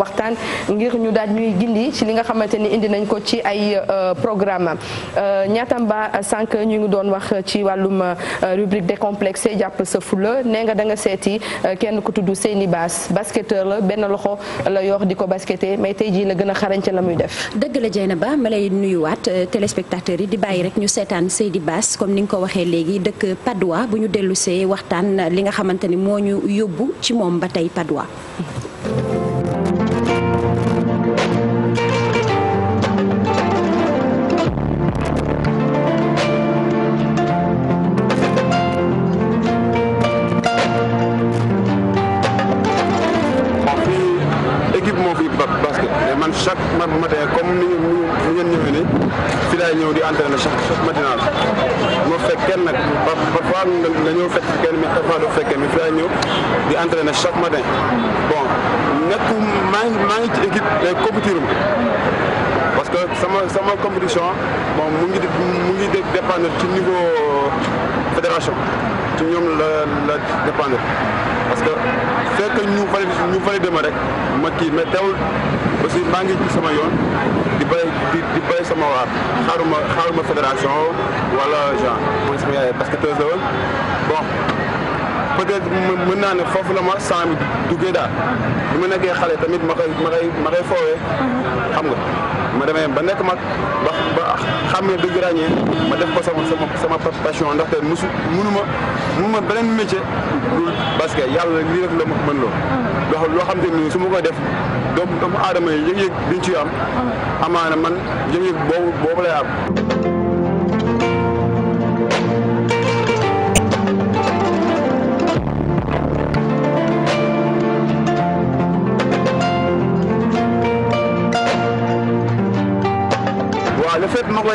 waxtaan ngir ñu daal ñuy gindi ci li nga xamante ni indi nañ ko ci ay euh, programme ñaatam euh, ba sànq ñu ngi doon wax ci wàllum euh, rubrique décomplexé jàpp sa fula nee nga da nga seeti kenn ku tudd Seyni Baas basketteur la benn loxo la yor di ko basketé mais tey jii la gën a xarañ ca la muy def. dëgg la ba ma lay nuyuwaat téléspectateurs yi di bàyyi rek ñu seetaan Seydi Baas comme ni nga ko waxee léegi dëkk Padois bu ñu dellusee waxtaan li nga xamante ni moo ñu yóbbu ci moom ba tey Padois. ba basket mais man chaque matin comme ni ngeen ñëwee ni fi laay ñëw di entraîné chaque chaque matinal moo fekk kenn nag parfois nga ñëw fekk kenn mi parfois du fekkee mi fi laay ñëw di entraîné chaque matin bon nekku maa maa ngi ci équipe mais compétir parce que sama sama compétition moom mu ngi mu ngi dépendre ci niveau euh, fédération ci ñoom la la dépendre parce que fekk ñu valide ñu valide ma rek ma kii mais teewul aussi maa ngi ci sama yoon di bay di di bay sama waar xaaruma xaaruma fédération walla genre mooy sama yaay parce que tëj la woon peut-être mën naa ne foofu la ma sang bi duggee bi ma nekkee xale tamit ma koy ma koy ma koy foowee mhm. xam nga ma demee ba nekk mag ba ba xàmmee dëgg ràññee ma def ko sama sama sama passion ndaxte musu munuma munuma beneen métier lu basket yàlla lii rek la ma mën loo mhm. loo loo xam te ni su ma koy def doomu doomu aadama yi yëg-yëg biñ ci am mhm. amaa ne man yëg-yëg boobu boobu lay am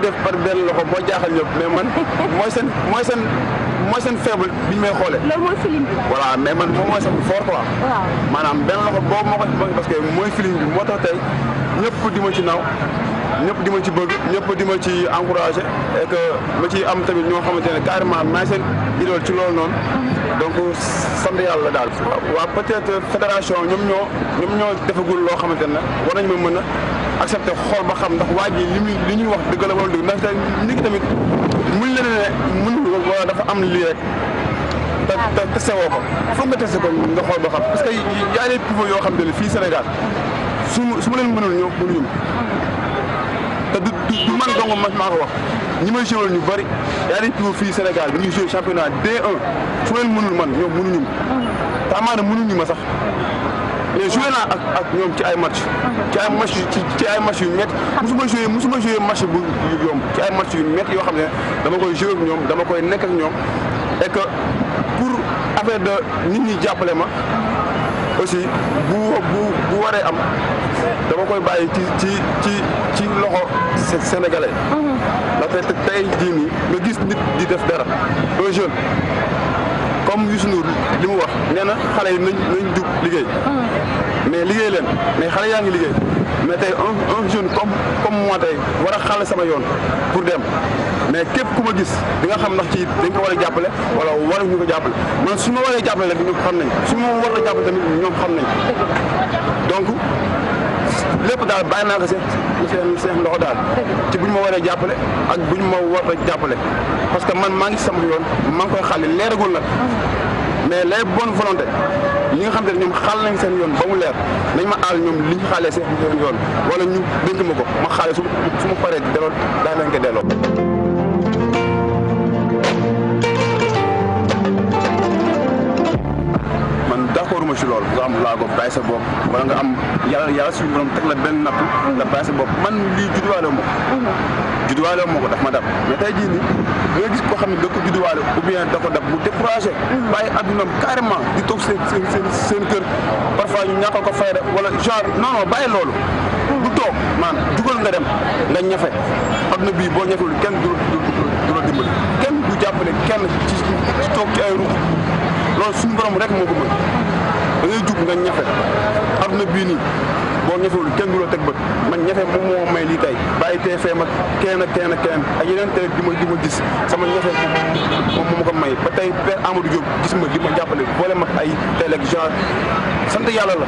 koy par benn loxo moo jaaxal ñëpp mais man mooy seen mooy seen mooy seen faible bi ñu may xoolee. loolu mooy mais man moom mooy seen fort quoi. maanaam benn loxo boobu moo ko ci bëgg parce que mooy feeling bi moo tax tey ñëpp di ma ci naaw. ñëpp di ma ci bëgg ñëpp di ma ci encouragé et que ma ci am tamit ñoo xamante ne carrément maay seen idole ci loolu noonu donc sant yàlla daal waaw peut-être fédération ñoom ñoo defagul loo xamante ne war nañ ma mën a accepté xool ba xam ndax waa ji li ñuy wax dëgg la wala dëgg ndax nit ki tamit muñ la ne mënul wala dafa am lii rek te te testé woo ko foog nga testé ko nga xool ba xam parce que y a des yoo xam ne fii Sénégal su ma su ma leen mënul ñoo mënuñu te du du man dong wax ñi may joué ñu bëri y a des pivots fii Sénégal ñu ngi joué championnat man ñoom mënuñu ma te amaana ma sax. mais joué naa ak ak ñoom ci ay match ci ay match ci ay match yu métti musuma joué musuma joué match bu yomb ci ay match yu métti yoo xam ne dama koy joué ak ñoom dama koy nekk ak ñoom et que pour affaire de nit ñi jàppale ma aussi bu bu bu waree am dama koy bàyyi ci ci ci ci loxo sénégalais mhm. ndaxte tey jii nii nga gis nit di def dara un jeune comme Youssou Ndour li mu wax nee na xale yi nañ nañ jug liggéey mais liggéey leen mais xale yaa ngi liggéey mais tey un un jeune comme comme moi tey war a xale sama yoon pour dem mais képp ku ma gis di nga xam ndax ci dañ ko war a jàppale wala waruñu ko jàppale man su ma waree jàppale rek ñoom xam nañ su ma a jàppale tamit ñoom xam nañ donc lépp daal bàyyi naa ko seen seen seen loxo daal ci bu ñu ma waree jàppale ak bu ñu ma war a jàppale parce que man maa ngi sama yoon maa ngi koy xàlli leeragul nag mais les bonnes volontés ñi nga xam ne ñoom xaal nañ seen yoon ba mu leer nañ ma aal ñoom li ñu xaalee seen yoon wala ñu dénk ma ko ma xaale su su ma paree delloo daa leen ko delloo d'accord ma ci loolu nga am laago bàyyi sa bopp wala nga am yàlla yàlla suñu borom teg la benn natt nga bàyyi sa bopp man lii judduwaale moo ko judduwaale moo ko daf ma dab mais tey jii nii da nga gis koo xam ne da ko judduwaale ou bien da ko dab mu découragé bàyyi addunam carrément di toog seen seen seen kër parfois ñu ñàkkal ko fayda wala genre non non bàyyi loolu du toog maan jugal nga dem nga ñafe adduna bii boo ñafewul kenn du la dimbali kenn du jàppale kenn ci toog ci ay ruux loolu suñu borom rek moo ko mën da ngay jug nga ñafe na bii nii boo ñafewul kenn du la teg bët man ñafe moom moo may lii tey bàyyi TFM ak keneen ak keneen ak keneen ak yeneen télé di ma di ma gis sama ñafe moom ko may ba tey Père Amadou gis ma di ma jàppale boole mag ay télé ak sant yàlla la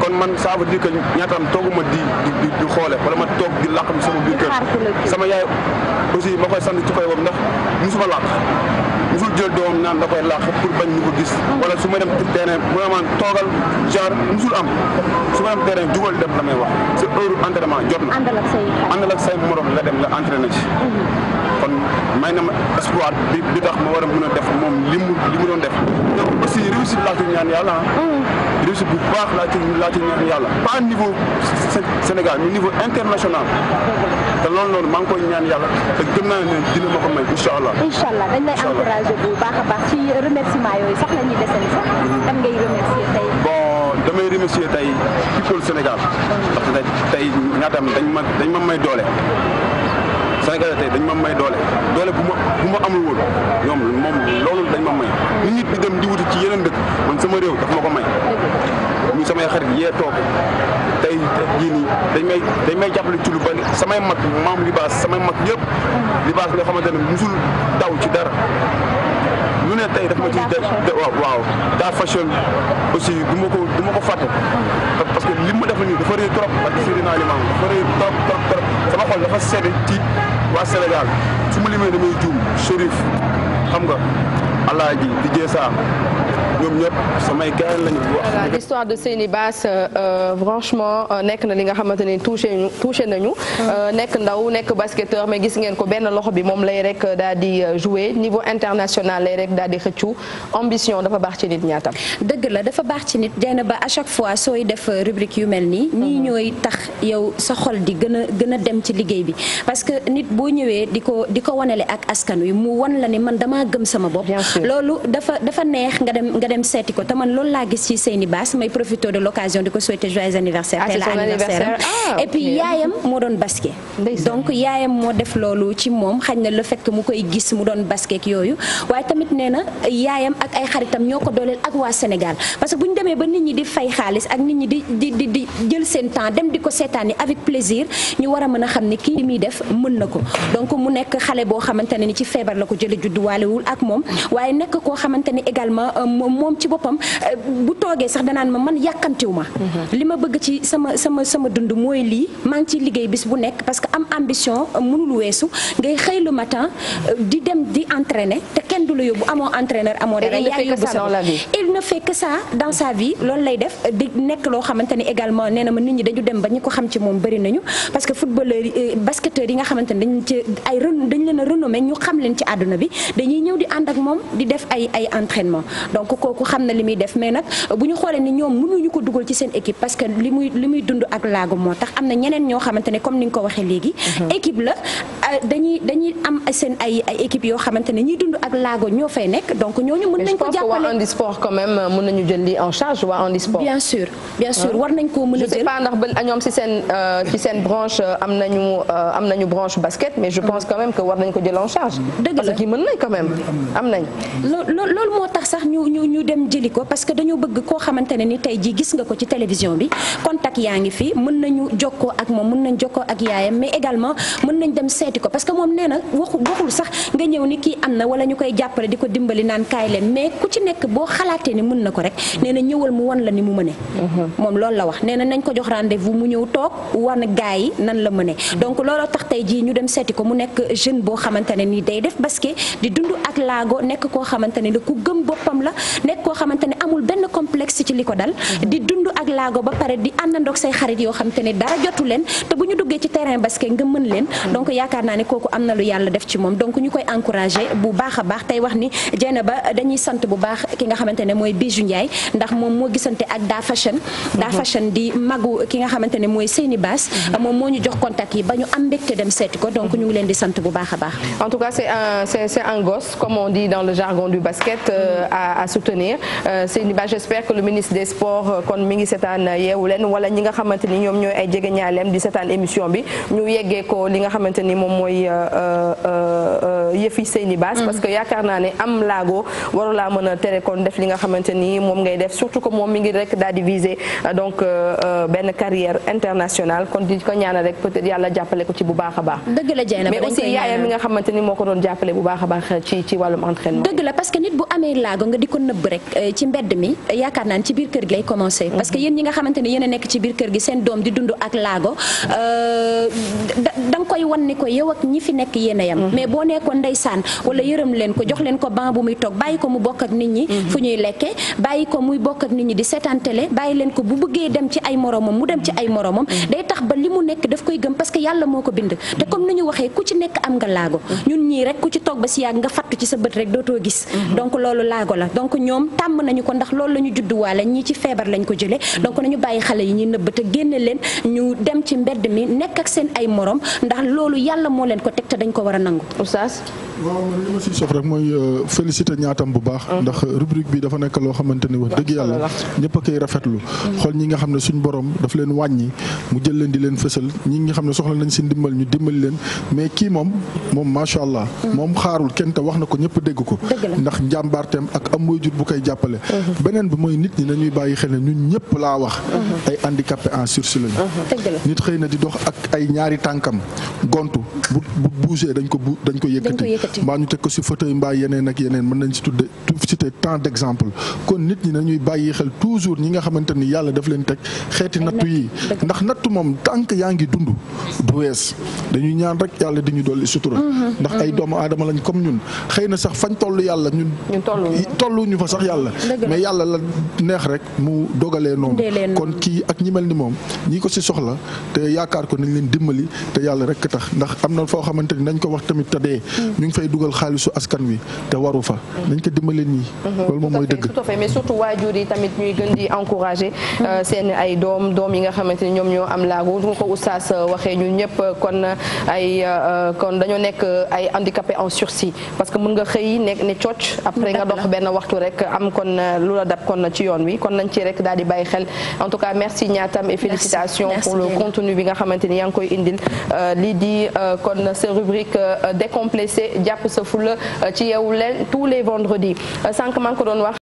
kon man ça veut dire que ñaataam di di xoole wala ma toog di làqam sama biir sama yaay aussi ma koy sant ci koy boobu ndax musuma làq musul jël doom naan da koy làq pour bañ ñu ko gis wala su ma dem terrain vraiment toogal genre musul am su ma dem terrain jugal dem la may wax c'est heure entraînement jot na àndal ak say morom la dem la entraîné ci kon may na ma espoir bi bi tax ma war a mën a def moom li mu li mu doon def donc aussi réussite laa ci ñaan yàlla ah. mm. réussite bu baax laa ci ñaan yàlla pas niveau Sénégal mais niveau international te loolu noonu maa ngi koy ñaan yàlla te gëm naa ne dina ma ko may incha allah. incha allah dañ lay encouragé bu baax a baax ci remerciement yooyu sax la ñuy desal sax. tey. bon damay remercier tey people Sénégal. tey ñaataam dañ ma dañ ma may doole. Sénégalais tey dañ ma may doole doole bu ma bu ma amul woon ñoom moom loolu dañ ma may nit nit di dem di wuti ci yeneen dëkk man sama réew daf ma ko may ñu samay xarit yee toog tey jii nii dañ may dañ may jàppale ci lu bari samay mag maam libaas samay mag ñëpp libaas loo xamante ne musul daw ci dara lu ne tey daf ma ciy de waaw daa fashion aussi du ma ko du ma ko fàtte parce que li ma def nii dafa rëy trop parce que Seydina Limamou dafa rëy trop trop sama xol dafa sedd ci waa Sénégal su ma limee damay juum Chérif xam nga Alaaji di Jeesa ñoom ñëpp samay gaay lañu wax. voilà l'histoire de Seyni euh, euh, franchement euh, nekk na li nga xamante ne touché ñu touché nañu. nekk ndaw nekk basketteur mais gis ngeen ko benn loxo bi moom lay rek daal di jouer niveau international lay rek daal di xëccu ambition dafa baax ci nit ñaatam. dëgg la dafa baax ci nit jënd ba a chaque fois sooy def rubrique yu mel nii. ñii mhm. ñooy tax yow sa xol di gën a gën a dem ci liggéey bi parce que nit boo ñëwee di ko di ko wanale ak askan wi mu wan la ne man damaa gëm sama bopp. loolu dem seeti ko te man loolu laa gis ci Seyni Bass may profité de l'occasion di ko souhaiter joyeux anniversaire ah, tey la anniversaire ah, et puis yaayam moo doon basket donc yaayam moo def loolu ci moom xañ na la fekk mu koy gis mu doon basket yooyu waaye tamit nee na yaayam ak ay xaritam ñoo ko dooleel ak waa Sénégal parce que bu ñu demee ba nit ñi di fay xaalis ak nit ñi di di di jël seen temps dem di ko seetaani avec plaisir ñu war a mën a xam ne kii li muy def mën na ko donc mu nekk xale boo xamante ne ni ci feebar la ko jële judduwaalewul ak moom moom ci boppam euh, bu toogee sax danaan ma man yàkkamtiw ma mhm. li ma bëgg ci sama sama sama dund mooy lii maa ngi ciy liggéey bis bu nekk parce que am ambition euh, mënul weesu ngay xëy le matin euh, di dem di entraîner te kenn du la yóbbu amoon entraîneur amoo dara yaa yóbbu sa il ne fait que dans sa vie loolu lay def di nekk loo xamante ni également nee na ma nit ñi dañu dem ba ñu ko xam ci moom bari nañu parce que footballeur yi basketteur yi nga xamante ni dañ ci ay dañ leen a ñu xam leen ci àdduna bi dañuy ñëw di ànd ak moom di def ay ay entraînement kooku xam na li muy def mais nag bu ñu xoolee ni ñoom mënuñu ko dugal ci seen équipe parce que li muy dund ak laago moo tax am na ñeneen ñoo xamante comme ni nga ko waxee léegi mhm. équipe la euh, dañuy am seen ay ay équipe yoo xamante ne ñiy dund ak laago ñoo fay nekk donc ñooñu mën nañ ko jàppale waa handisport quand même euh, mën nañu jël li en charge waa handisport bien sûr bien sûr war nañ koo mën a jël je sais pas ndax ba ah, ñoom ci euh, am nañu am nañu branche basket mais je pense mhm. quand même war nañ ko jël en charge dëgg la parce que mën nañ quand même am nañ ñu dem jëli ko parce que dañu bëgg koo xamante ne ni tey jii gis nga ko ci télévision bi contact yaa ngi fi mën nañu jokkoo ak moom mën nañ jokkoo ak yaayam mais également mën nañ dem seeti ko parce que moom nee na waxu waxul sax nga ñëw ni kii am na wala ñu koy jàppale di ko dimbali naan kaay leen mais ku ci nekk boo xalaatee ni mën na ko rek nee na ñëwal mu wan la ni mu mëne mhm. moom loolu la wax nee na nañ ko jox rendez-vous mu ñëw toog wan gaa yi nan la mëne donc looloo tax tey ñu dem seeti ko mu nekk jeune boo xamante ne ni day def basket di dund ak laago nekk koo xamante ne ni ku gëm boppam la nekk koo xamante ne amul benn complexe ci li ko dal mhm. di dund ak laago ba pare di àndandoog say xarit yoo xamante ne dara jotu leen te bu ñu duggee ci terrain basket nga mën leen mhm. bu ba dañuy sant bu baax ki ne mooy Bijou Ndiaye ndax moom moo gisante ak daa fashion mhm. daa fashion di magu ki nga xamante ne mooy Seyni Baas moom moo ñu jox contact yi ba ñu am mbégte dem seeti ko donc ñu ngi leen di sant bu baax a baax en tout cas c'est soutenir euh, Seyni Ba j'espère que le ministre des sports euh, kon mi ngi seetaan euh, yeewu leen wala ñi nga xamante ni ñoom ñooy ay jege ñaaleem di seetaan émission bi ñu yeggee ko li nga xamante ni moom mooy yëfi Seyni Ba mhm. parce que yaakaar naa ne am laago waru laa mën a tere kon def li nga xamante ni moom ngay def surtout que moom mi ngi rek daal di viser donc benn carrière internationale kon di ko ñaana rek peut-être yàlla jàppale ko ci bu baax a baax. dëgg la Dieng yaayam mi nga ni moo ko doon jàppale bu baax a baax yóbbu rek euh, ci mbedd mi yaakaar naan ci biir kër gi lay commencé mhm. parce que yéen ñi nga xamante ne a nekk ci biir kër gi seen doom di dund ak laago euh, da nga koy won ni ko yow ñi fi nekk yéen a yam mhm. mais boo nekkoon ndeysaan wala yërëm leen ko jox leen ko ban bu muy toog bàyyi ko mu bokk ak nit ñi mhm. fu ñuy lekkee bàyyi ko muy bokk ak nit ñi di seetaan télé bàyyi leen ko bu bëggee dem ci ay moromam mu dem ci ay moromam day tax ba li mu nekk daf koy gëm parce que yàlla moo ko bind te comme ni ñu waxee ku ci nekk am nga laago ñun ñii rek ku ci toog si yàgg nga fattu ci sa bët rek dootoo gis ñoom tàmm nañu ko ndax loolu la ñu judduwaale ñii ci feebar lañ ko jëlee mm. donc nañu bàyyi xale yi ñuy nëbb te génne leen ñu dem ci mbedd mi nekk ak seen ay morom ndax loolu yàlla moo leen ko teg te dañ ko war a nangu oustaz waaw man li ma siy sof rek ñaatam euh, bu baax mm. ndax rubrique bi dafa nekk loo xamante ni wax dëgg yàlla ñëpp a koy rafetlu mm. xool ñi nga xam ne suñ boroom daf leen wàññi mu jël leen di leen fësal ñi nga xam ne soxla nañ seen dimbal ñu dimbali leen mais kii moom moom macha allah moom xaarul kenn te wax na ko ñëpp dégg ko ndax njàmbaarteem ak am waajur bu koy jàppale. Mhm. beneen bi mooy nit ñi nañuy bàyyi xel ne ñun ñëpp laa wax. Mhm. ay handicapé en sursis mhm. nit xëy na di dox ak ay ñaari tànkam gont bu bu dañ ko bu dañ ko yëkkati. mbaa ñu teg ko si fauteuil mbaa yeneen ak yeneen mën nañ si tudde citer tant d'exemple kon nit ñi nañuy bàyyi xel toujours ñi nga xamante ni yàlla daf leen teg xeeti nattu yi ndax nattu moom tànk yaa ngi dund du wees dañuy ñaan rek yàlla di ñu dolli sutura. ndax ay doomu adama lañ comme ñun xëy na sax fañ yàlla sax yàlla mais yàlla la neex rek mu dogalee noonu kon kii ak ñi mel ni moom ñi ko si soxla te yaakaar ko nañ leen dimbali te yàlla rek tax ndax am na foo xamante ni nañ ko wax tamit tadee mm-hmm. ñu ngi fay dugal xaalisu askan wi te waru fa mm-hmm. nañ ko dimbaleen ñi mm-hmm. loolu moom mooy dëgg tout à fait mais surtout waajur yi tamit ñuy gën di encourager euh, seen ay doom doom yi nga xamante ni ñoom ñoo am laago du nga ko oustaz euh, waxee ñun ñëpp kon ay euh, kon dañoo nekk ay handicapé en sursis parce que mën nga xëy ne cooc après nga dox benn waxtu rek rek am kon euh, lu la dab kon ci yoon wi kon nañ ci rek daal di bàyyi xel en tout cas merci ñaatam et félicitations merci, pour merci le contenu bi nga xamante ni yaa ngi koy indil euh, lii di euh, kon sa rubrique décomplexé jàpp sa fula ci yeewu leen tous les vendredis sànq maa doon wax